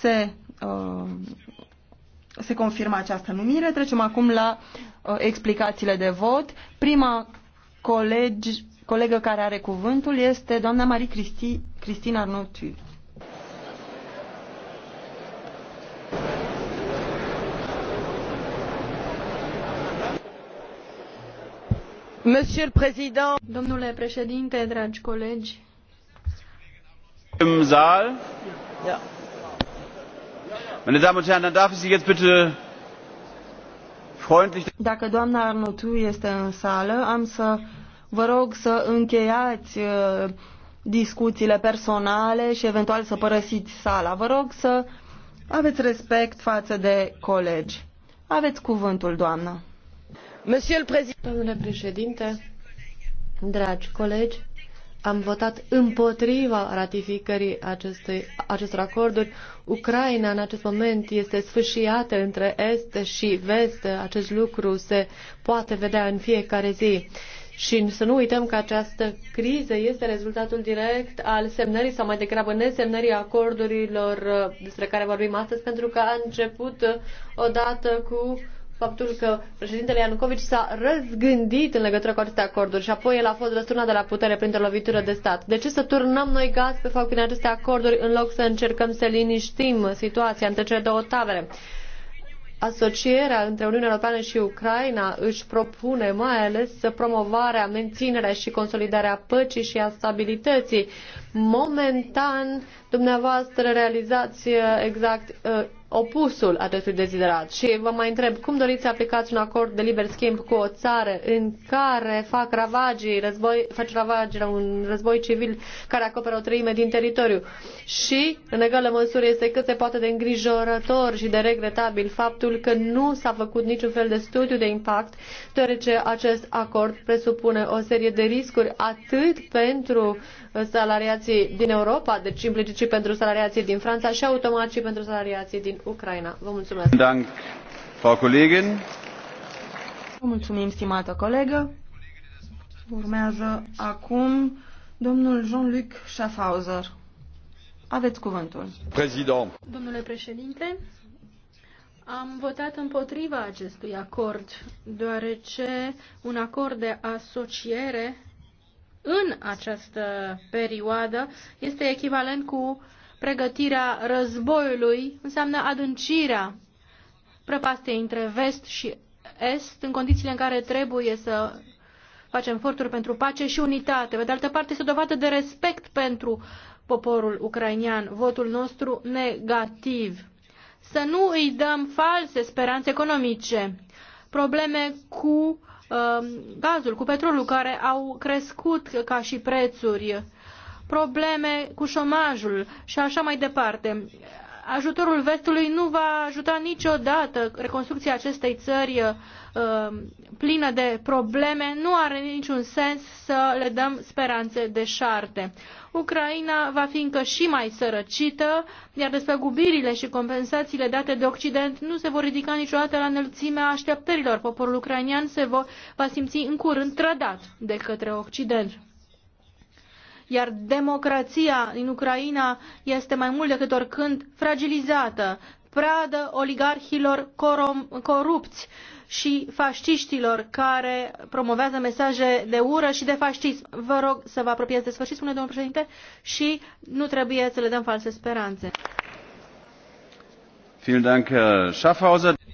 se, uh, se confirmă această numire. Trecem acum la uh, explicațiile de vot. Prima colegi, colegă care are cuvântul este doamna Marie Cristi, Cristina Président, Domnule președinte, dragi colegi, în Saal. Da. Meine Damen und Herren, dann darf ich Sie jetzt bitte freundlich... Dacă doamna Arnotu este în sală, am să vă rog să încheiați uh, discuțiile personale și eventual să părăsiți sala. Vă rog să aveți respect față de colegi. Aveți cuvântul, doamnă. Domnule președinte, dragi colegi, am votat împotriva ratificării acestui, acestor acorduri. Ucraina în acest moment este sfâșiată între est și vest. Acest lucru se poate vedea în fiecare zi. Și să nu uităm că această criză este rezultatul direct al semnării sau mai degrabă nesemnării acordurilor uh, despre care vorbim astăzi, pentru că a început uh, odată cu faptul că președintele Ianucovici s-a răzgândit în legătură cu aceste acorduri și apoi el a fost răsturnat de la putere printr-o lovitură de stat. De ce să turnăm noi gaz pe faptul din aceste acorduri în loc să încercăm să liniștim situația între cele două tavere? Asocierea între Uniunea Europeană și Ucraina își propune mai ales promovarea, menținerea și consolidarea păcii și a stabilității. Momentan, dumneavoastră realizați uh, exact uh, opusul acestui deziderat. Și vă mai întreb, cum doriți să aplicați un acord de liber schimb cu o țară în care fac ravagii, război, face ravagii la un război civil care acoperă o treime din teritoriu? Și, în egală măsură, este cât se poate de îngrijorător și de regretabil faptul că nu s-a făcut niciun fel de studiu de impact, deoarece acest acord presupune o serie de riscuri atât pentru uh, salariații din Europa, deci implicit și pentru salariații din Franța și automat și pentru salariații din Ucraina. Vă mulțumesc! Dank, Frau Kollegin. Mulțumim, stimată colegă. Urmează acum domnul Jean-Luc Schaffhauser. Aveți cuvântul. President. Domnule președinte, am votat împotriva acestui acord, deoarece un acord de asociere în această perioadă este echivalent cu pregătirea războiului, înseamnă adâncirea prăpastei între vest și est, în condițiile în care trebuie să facem eforturi pentru pace și unitate. Pe de altă parte, este o dovadă de respect pentru poporul ucrainean, votul nostru negativ. Să nu îi dăm false speranțe economice, probleme cu Um, gazul, cu petrolul, care au crescut ca și prețuri, probleme cu șomajul și așa mai departe ajutorul vestului nu va ajuta niciodată reconstrucția acestei țări uh, plină de probleme, nu are niciun sens să le dăm speranțe deșarte. Ucraina va fi încă și mai sărăcită, iar despăgubirile și compensațiile date de Occident nu se vor ridica niciodată la înălțimea așteptărilor. Poporul ucrainian se va simți în curând trădat de către Occident iar democrația în Ucraina este mai mult decât oricând fragilizată, pradă oligarhilor corupți și fasciștilor care promovează mesaje de ură și de fascism. Vă rog să vă apropiați de sfârșit, spune domnul președinte, și nu trebuie să le dăm false speranțe.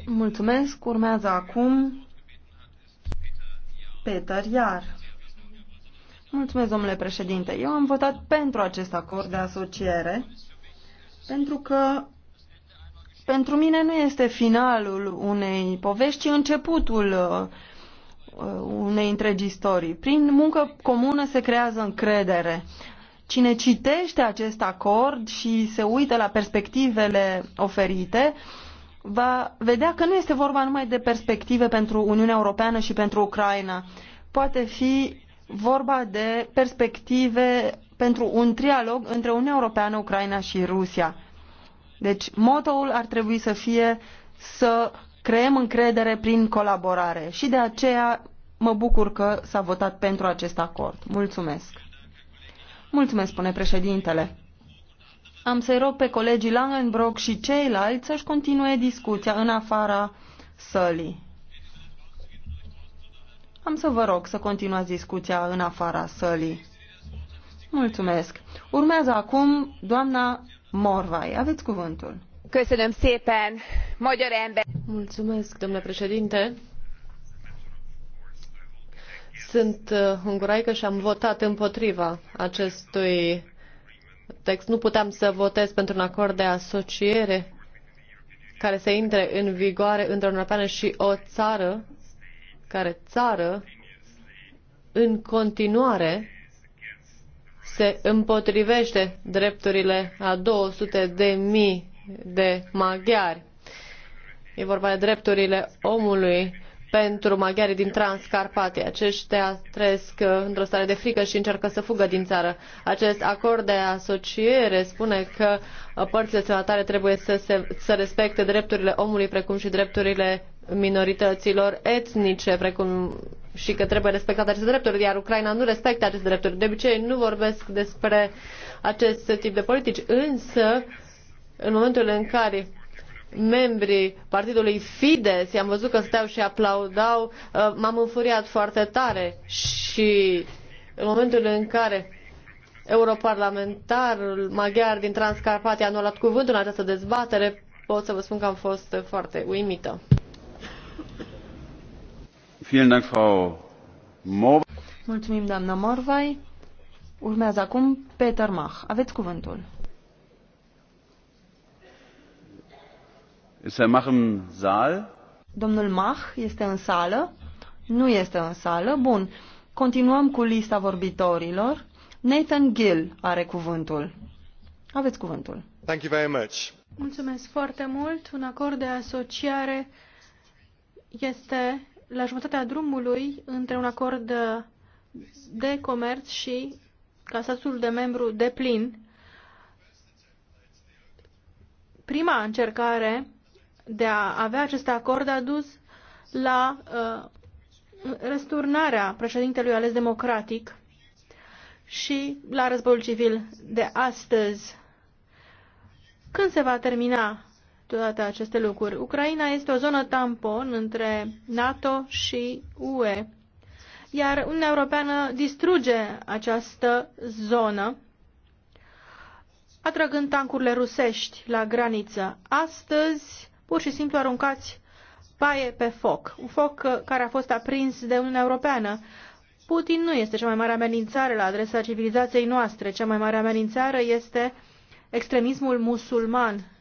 Mulțumesc. Urmează acum Peter Iar. Mulțumesc, domnule președinte. Eu am votat pentru acest acord de asociere, pentru că pentru mine nu este finalul unei povești, ci începutul uh, unei întregi istorii. Prin muncă comună se creează încredere. Cine citește acest acord și se uită la perspectivele oferite, va vedea că nu este vorba numai de perspective pentru Uniunea Europeană și pentru Ucraina. Poate fi vorba de perspective pentru un trialog între Uniunea Europeană, Ucraina și Rusia. Deci, motoul ar trebui să fie să creăm încredere prin colaborare și de aceea mă bucur că s-a votat pentru acest acord. Mulțumesc. Mulțumesc, spune președintele. Am să-i rog pe colegii Langenbrock și ceilalți să-și continue discuția în afara sălii. Am să vă rog să continuați discuția în afara sălii. Mulțumesc. Urmează acum doamna Morvai. Aveți cuvântul. Mulțumesc, domnule președinte. Sunt uh, unguraică și am votat împotriva acestui text. Nu puteam să votez pentru un acord de asociere care să intre în vigoare între Uniunea Europeană și o țară care țară în continuare se împotrivește drepturile a 200 de mii de maghiari. E vorba de drepturile omului pentru maghiarii din Transcarpatia. Aceștia trăiesc uh, într-o stare de frică și încearcă să fugă din țară. Acest acord de asociere spune că uh, părțile semnatare trebuie să, se, să respecte drepturile omului precum și drepturile minorităților etnice, precum și că trebuie respectate aceste drepturi, iar Ucraina nu respectă aceste drepturi. De obicei nu vorbesc despre acest tip de politici, însă în momentul în care membrii partidului Fides, i-am văzut că stau și aplaudau, uh, m-am înfuriat foarte tare și în momentul în care europarlamentarul maghiar din Transcarpatia nu a luat cuvântul în această dezbatere, pot să vă spun că am fost foarte uimită. Mulțumim, doamnă Morvai. Urmează acum Peter Mach. Aveți cuvântul. Este Mach în sală. Domnul Mach este în sală? Nu este în sală. Bun. Continuăm cu lista vorbitorilor. Nathan Gill are cuvântul. Aveți cuvântul. Thank you very much. Mulțumesc foarte mult. Un acord de asociare este la jumătatea drumului între un acord de comerț și ca statul de membru de plin. Prima încercare de a avea acest acord a dus la uh, răsturnarea președintelui ales democratic și la războiul civil de astăzi. Când se va termina toate aceste lucruri. Ucraina este o zonă tampon între NATO și UE, iar Uniunea Europeană distruge această zonă atrăgând tancurile rusești la graniță. Astăzi, pur și simplu aruncați paie pe foc, un foc care a fost aprins de Uniunea Europeană. Putin nu este cea mai mare amenințare la adresa civilizației noastre. Cea mai mare amenințare este extremismul musulman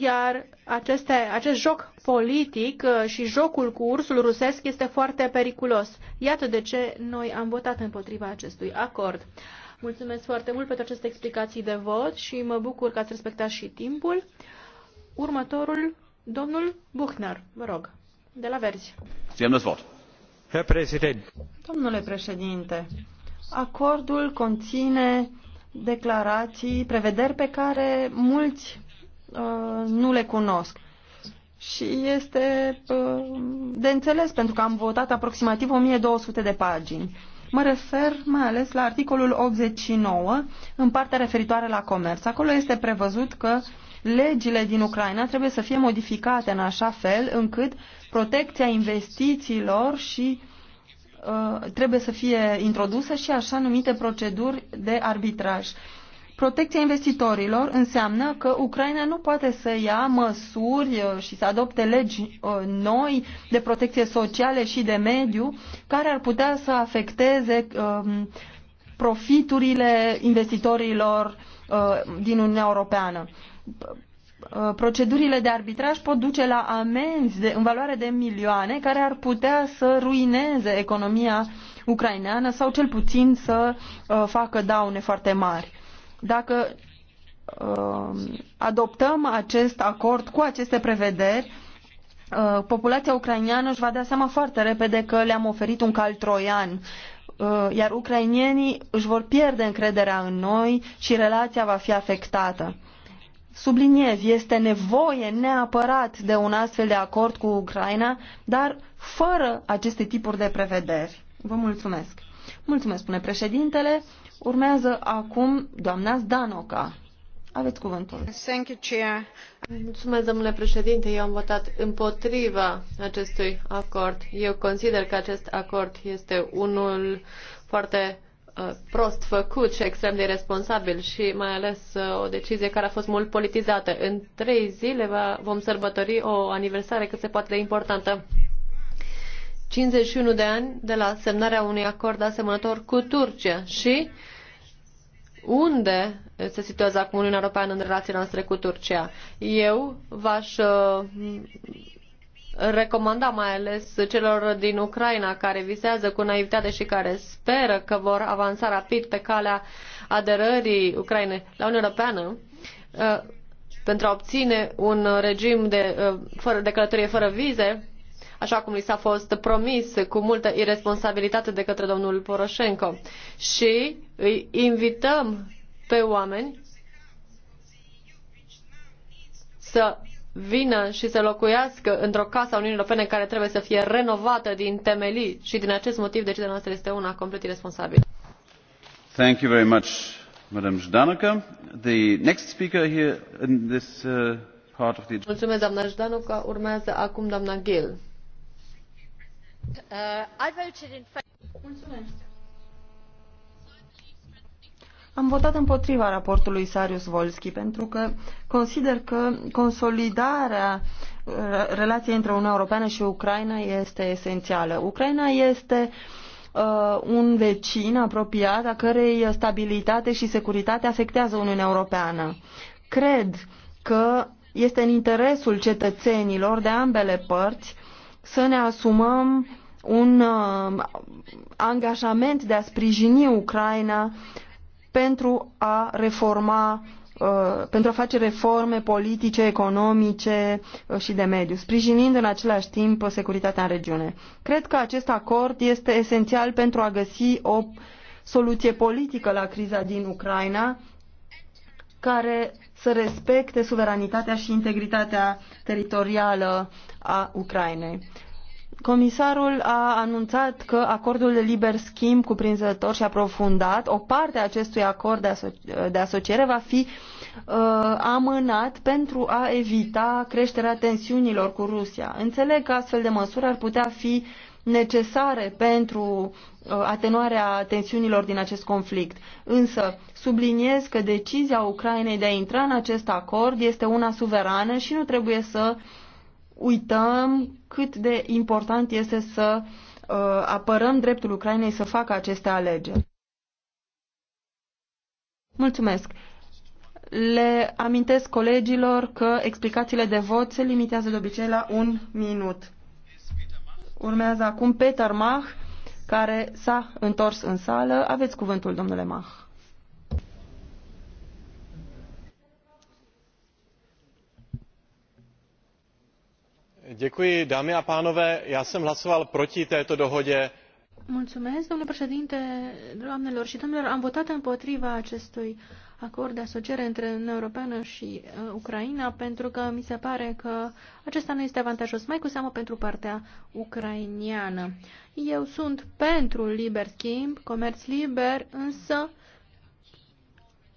iar aceste, acest joc politic uh, și jocul cu ursul rusesc este foarte periculos. Iată de ce noi am votat împotriva acestui acord. Mulțumesc foarte mult pentru aceste explicații de vot și mă bucur că ați respectat și timpul. Următorul, domnul Buchner, vă rog, de la Verzi. Domnule președinte, acordul conține declarații, prevederi pe care mulți Uh, nu le cunosc. Și este uh, de înțeles pentru că am votat aproximativ 1200 de pagini. Mă refer mai ales la articolul 89, în partea referitoare la comerț. Acolo este prevăzut că legile din Ucraina trebuie să fie modificate în așa fel încât protecția investițiilor și uh, trebuie să fie introdusă și așa numite proceduri de arbitraj. Protecția investitorilor înseamnă că Ucraina nu poate să ia măsuri uh, și să adopte legi uh, noi de protecție sociale și de mediu care ar putea să afecteze um, profiturile investitorilor uh, din Uniunea Europeană. Procedurile de arbitraj pot duce la amenzi de, în valoare de milioane care ar putea să ruineze economia ucraineană sau cel puțin să facă daune foarte mari dacă um, adoptăm acest acord cu aceste prevederi, uh, populația ucraineană își va da seama foarte repede că le-am oferit un cal troian, uh, iar ucrainienii își vor pierde încrederea în noi și relația va fi afectată. Subliniez, este nevoie neapărat de un astfel de acord cu Ucraina, dar fără aceste tipuri de prevederi. Vă mulțumesc. Mulțumesc, spune președintele. Urmează acum doamna Zdanoca. Aveți cuvântul. Thank you, Chair. Mulțumesc, domnule președinte. Eu am votat împotriva acestui acord. Eu consider că acest acord este unul foarte uh, prost făcut și extrem de responsabil, și mai ales uh, o decizie care a fost mult politizată. În trei zile vom sărbători o aniversare cât se poate de importantă 51 de ani de la semnarea unui acord asemănător cu Turcia și unde se situează acum Uniunea Europeană în relația noastre cu Turcia. Eu v-aș uh, recomanda mai ales celor din Ucraina care visează cu naivitate și care speră că vor avansa rapid pe calea aderării Ucrainei la Uniunea Europeană uh, pentru a obține un regim de, uh, de călătorie fără vize, așa cum li s-a fost promis cu multă irresponsabilitate de către domnul Poroșenko. Și îi invităm pe oameni să vină și să locuiască într-o casă a Uniunii Europene care trebuie să fie renovată din temelii și din acest motiv decizia noastră este una complet irresponsabilă. Thank you very much, Madam Zdanoka. The next speaker here in this uh, part of the... Mulțumesc, doamna Zdanoka. Urmează acum doamna Gill. Uh, Am votat împotriva raportului Sarius Volski pentru că consider că consolidarea uh, relației între Uniunea Europeană și Ucraina este esențială. Ucraina este uh, un vecin apropiat a cărei stabilitate și securitate afectează Uniunea Europeană. Cred că este în interesul cetățenilor de ambele părți să ne asumăm un uh, angajament de a sprijini Ucraina pentru a reforma uh, pentru a face reforme politice, economice uh, și de mediu, sprijinind în același timp securitatea în regiune. Cred că acest acord este esențial pentru a găsi o soluție politică la criza din Ucraina, care să respecte suveranitatea și integritatea teritorială a Ucrainei. Comisarul a anunțat că acordul de liber schimb cuprinzător și aprofundat, o parte a acestui acord de, aso- de asociere va fi uh, amânat pentru a evita creșterea tensiunilor cu Rusia. Înțeleg că astfel de măsuri ar putea fi uh, necesare pentru uh, atenuarea tensiunilor din acest conflict. Însă subliniez că decizia Ucrainei de a intra în acest acord este una suverană și nu trebuie să uităm cât de important este să uh, apărăm dreptul Ucrainei să facă aceste alegeri. Mulțumesc. Le amintesc colegilor că explicațiile de vot se limitează de obicei la un minut. Urmează acum Peter Mach, care s-a întors în sală. Aveți cuvântul, domnule Mach. Děkuji, dámy a pánové. Já jsem hlasoval proti této dohodě. Mulțumesc, domnule președinte, doamnelor și domnilor. Am votat împotriva acestui acord de asociere între Uniunea Europeană și uh, Ucraina, pentru că mi se pare că acesta nu este avantajos, mai cu seamă pentru partea ucrainiană. Eu sunt pentru liber schimb, comerț liber, însă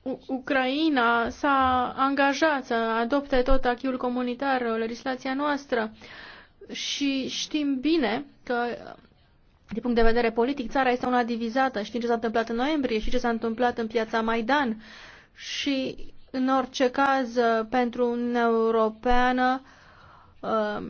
U Ucraina s-a angajat să adopte tot achiul comunitar, legislația noastră și știm bine că din punct de vedere politic, țara este una divizată. Știm ce s-a întâmplat în noiembrie și ce s-a întâmplat în piața Maidan și, în orice caz, pentru Uniunea Europeană, um,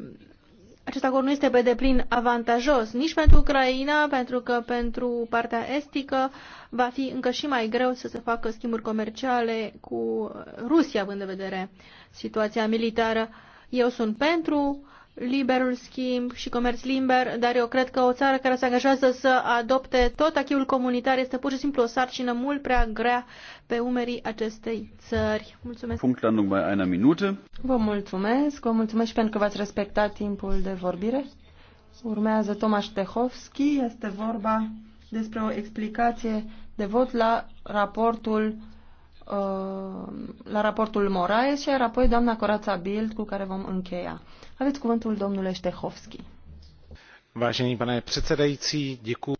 acest acord nu este pe deplin avantajos nici pentru Ucraina, pentru că pentru partea estică va fi încă și mai greu să se facă schimburi comerciale cu Rusia, având în vedere situația militară. Eu sunt pentru liberul schimb și comerț liber, dar eu cred că o țară care se angajează să adopte tot achiul comunitar este pur și simplu o sarcină mult prea grea pe umerii acestei țări. Mulțumesc. Punct la una minută. Vă mulțumesc. Vă mulțumesc pentru că v-ați respectat timpul de vorbire. Urmează Tomaș Tehovski. Este vorba despre o explicație de vot la raportul Uh, la raportul Moraes, iar apoi doamna Corața Bild, cu care vom încheia. Aveți cuvântul domnule Ștehovski. Vážený pane předsedající, děkuji.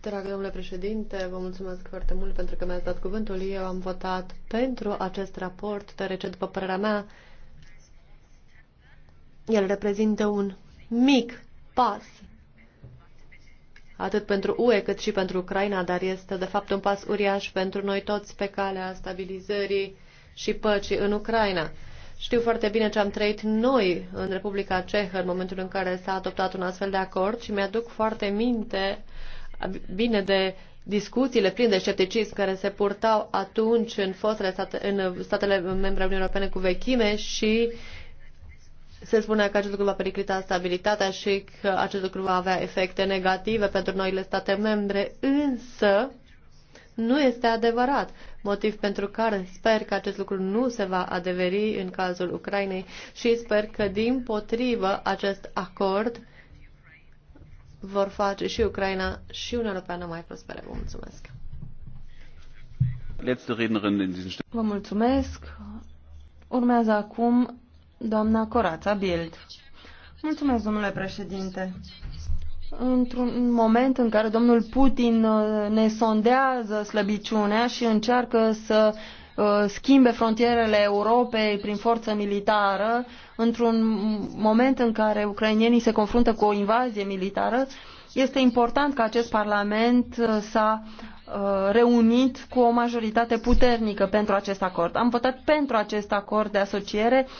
Dragă domnule președinte, vă mulțumesc foarte mult pentru că mi-ați dat cuvântul. Eu am votat pentru acest raport, deoarece, după părerea mea, el reprezintă un mic pas atât pentru UE cât și pentru Ucraina, dar este de fapt un pas uriaș pentru noi toți pe calea stabilizării și păcii în Ucraina. Știu foarte bine ce am trăit noi în Republica Cehă în momentul în care s-a adoptat un astfel de acord și mi-aduc foarte minte bine de discuțiile pline de scepticism care se purtau atunci în fostele state, în statele membre ale Uniunii Europene cu vechime și se spunea că acest lucru va periclita stabilitatea și că acest lucru va avea efecte negative pentru noile state membre, însă nu este adevărat, motiv pentru care sper că acest lucru nu se va adeveri în cazul Ucrainei și sper că, din potrivă, acest acord vor face și Ucraina și Uniunea Europeană mai prospere. Vă mulțumesc! Vă mulțumesc! Urmează acum Doamna Corața Bild. Mulțumesc, domnule președinte. Într-un moment în care domnul Putin uh, ne sondează slăbiciunea și încearcă să uh, schimbe frontierele Europei prin forță militară, într-un moment în care ucrainienii se confruntă cu o invazie militară, este important că acest Parlament uh, s-a reunit cu o majoritate puternică pentru acest acord. Am votat pentru acest acord de asociere uh,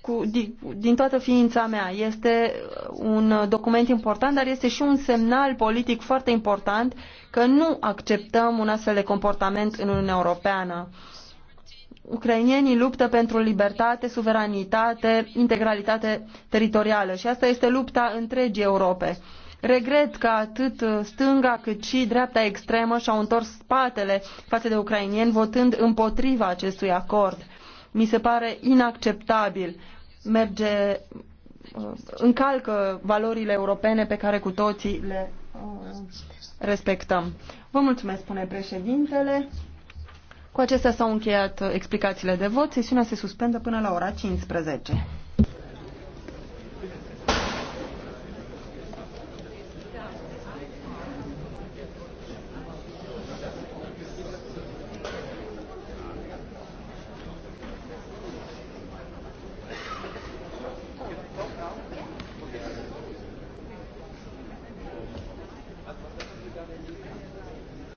cu, din, din toată ființa mea. Este un document important, dar este și un semnal politic foarte important că nu acceptăm un astfel de comportament în Uniunea Europeană. Ucrainienii luptă pentru libertate, suveranitate, integralitate teritorială și asta este lupta întregii Europe. Regret că atât stânga cât și dreapta extremă și-au întors spatele față de ucrainieni votând împotriva acestui acord mi se pare inacceptabil. Merge, uh, încalcă valorile europene pe care cu toții le uh, respectăm. Vă mulțumesc, spune președintele. Cu acestea s-au încheiat explicațiile de vot. Sesiunea se suspendă până la ora 15.